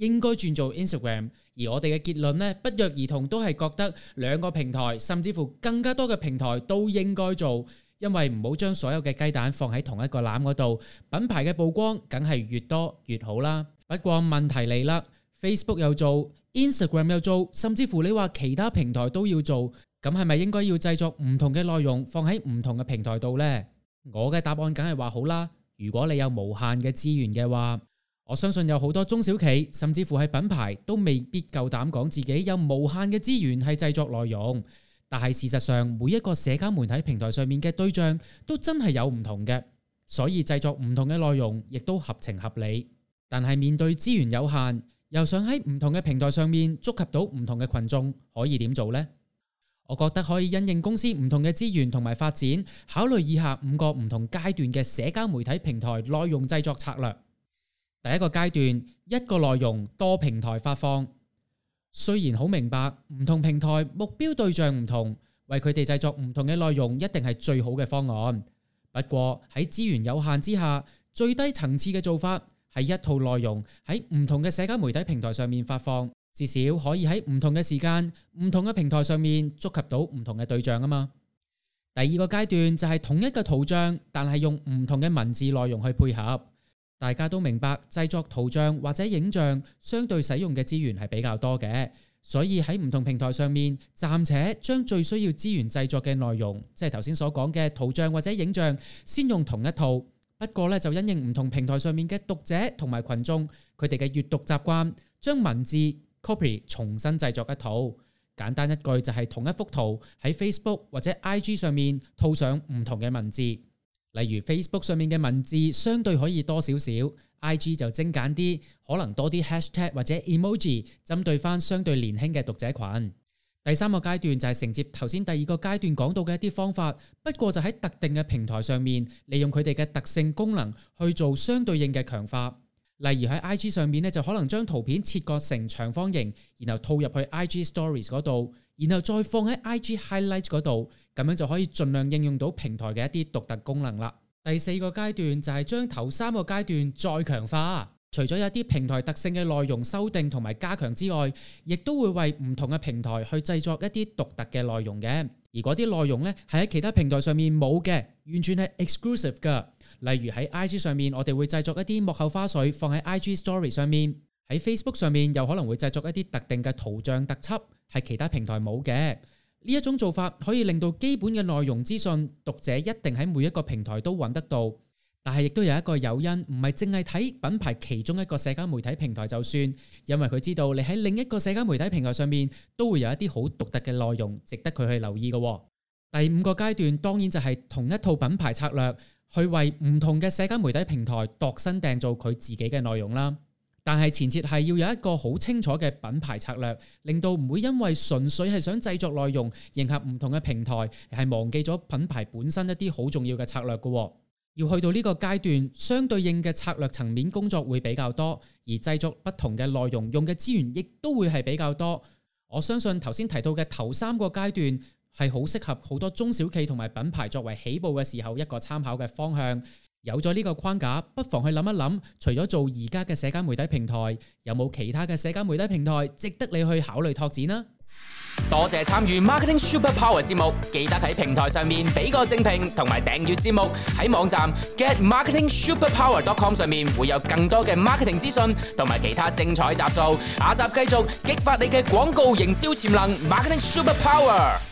應該轉做 Instagram，而我哋嘅結論呢，不約而同都係覺得兩個平台，甚至乎更加多嘅平台都應該做，因為唔好將所有嘅雞蛋放喺同一個籃嗰度。品牌嘅曝光梗係越多越好啦。不過問題嚟啦，Facebook 又做，Instagram 又做，甚至乎你話其他平台都要做，咁係咪應該要製作唔同嘅內容放喺唔同嘅平台度呢？我嘅答案梗係話好啦，如果你有無限嘅資源嘅話。我相信有好多中小企，甚至乎係品牌，都未必夠膽講自己有無限嘅資源喺製作內容。但係事實上，每一個社交媒體平台上面嘅對象都真係有唔同嘅，所以製作唔同嘅內容亦都合情合理。但係面對資源有限，又想喺唔同嘅平台上面觸及到唔同嘅群眾，可以點做呢？我覺得可以因應公司唔同嘅資源同埋發展，考慮以下五個唔同階段嘅社交媒體平台內容製作策略。第一個階段，一個內容多平台發放，雖然好明白，唔同平台目標對象唔同，為佢哋製作唔同嘅內容一定係最好嘅方案。不過喺資源有限之下，最低層次嘅做法係一套內容喺唔同嘅社交媒體平台上面發放，至少可以喺唔同嘅時間、唔同嘅平台上面觸及到唔同嘅對象啊嘛。第二個階段就係統一嘅圖像，但係用唔同嘅文字內容去配合。大家都明白製作圖像或者影像相對使用嘅資源係比較多嘅，所以喺唔同平台上面暫且將最需要資源製作嘅內容，即係頭先所講嘅圖像或者影像，先用同一套。不過咧就因應唔同平台上面嘅讀者同埋群眾，佢哋嘅閱讀習慣，將文字 copy 重新製作一套。簡單一句就係同一幅圖喺 Facebook 或者 IG 上面套上唔同嘅文字。例如 Facebook 上面嘅文字相對可以多少少，IG 就精簡啲，可能多啲 hashtag 或者 emoji，針對翻相對年輕嘅讀者群。第三個階段就係承接頭先第二個階段講到嘅一啲方法，不過就喺特定嘅平台上面，利用佢哋嘅特性功能去做相對應嘅強化。例如喺 IG 上面呢，就可能將圖片切割成長方形，然後套入去 IG Stories 嗰度，然後再放喺 IG Highlights 嗰度。咁樣就可以盡量應用到平台嘅一啲獨特功能啦。第四個階段就係將頭三個階段再強化，除咗有啲平台特性嘅內容修訂同埋加強之外，亦都會為唔同嘅平台去製作一啲獨特嘅內容嘅。而嗰啲內容呢，係喺其他平台上面冇嘅，完全係 exclusive 㗎。例如喺 IG 上面，我哋會製作一啲幕後花絮放喺 IG Story 上面；喺 Facebook 上面又可能會製作一啲特定嘅圖像特輯，係其他平台冇嘅。呢一種做法可以令到基本嘅內容資訊，讀者一定喺每一個平台都揾得到，但係亦都有一個誘因，唔係淨係睇品牌其中一個社交媒體平台就算，因為佢知道你喺另一個社交媒體平台上面都會有一啲好獨特嘅內容值得佢去留意嘅。第五個階段當然就係同一套品牌策略，去為唔同嘅社交媒體平台度身訂造佢自己嘅內容啦。但係前設係要有一個好清楚嘅品牌策略，令到唔會因為純粹係想製作內容迎合唔同嘅平台，而係忘記咗品牌本身一啲好重要嘅策略㗎。要去到呢個階段，相對應嘅策略層面工作會比較多，而製作不同嘅內容用嘅資源亦都會係比較多。我相信頭先提到嘅頭三個階段，係好適合好多中小企同埋品牌作為起步嘅時候一個參考嘅方向。有咗呢個框架，不妨去諗一諗，除咗做而家嘅社交媒體平台，有冇其他嘅社交媒體平台值得你去考慮拓展呢？多謝參與 Marketing Super Power 節目，記得喺平台上面俾個正評同埋訂閱節目。喺網站 Get Marketing Super Power.com 上面會有更多嘅 marketing 資訊同埋其他精彩集數。下集繼續激發你嘅廣告營銷潛能，Marketing Super Power。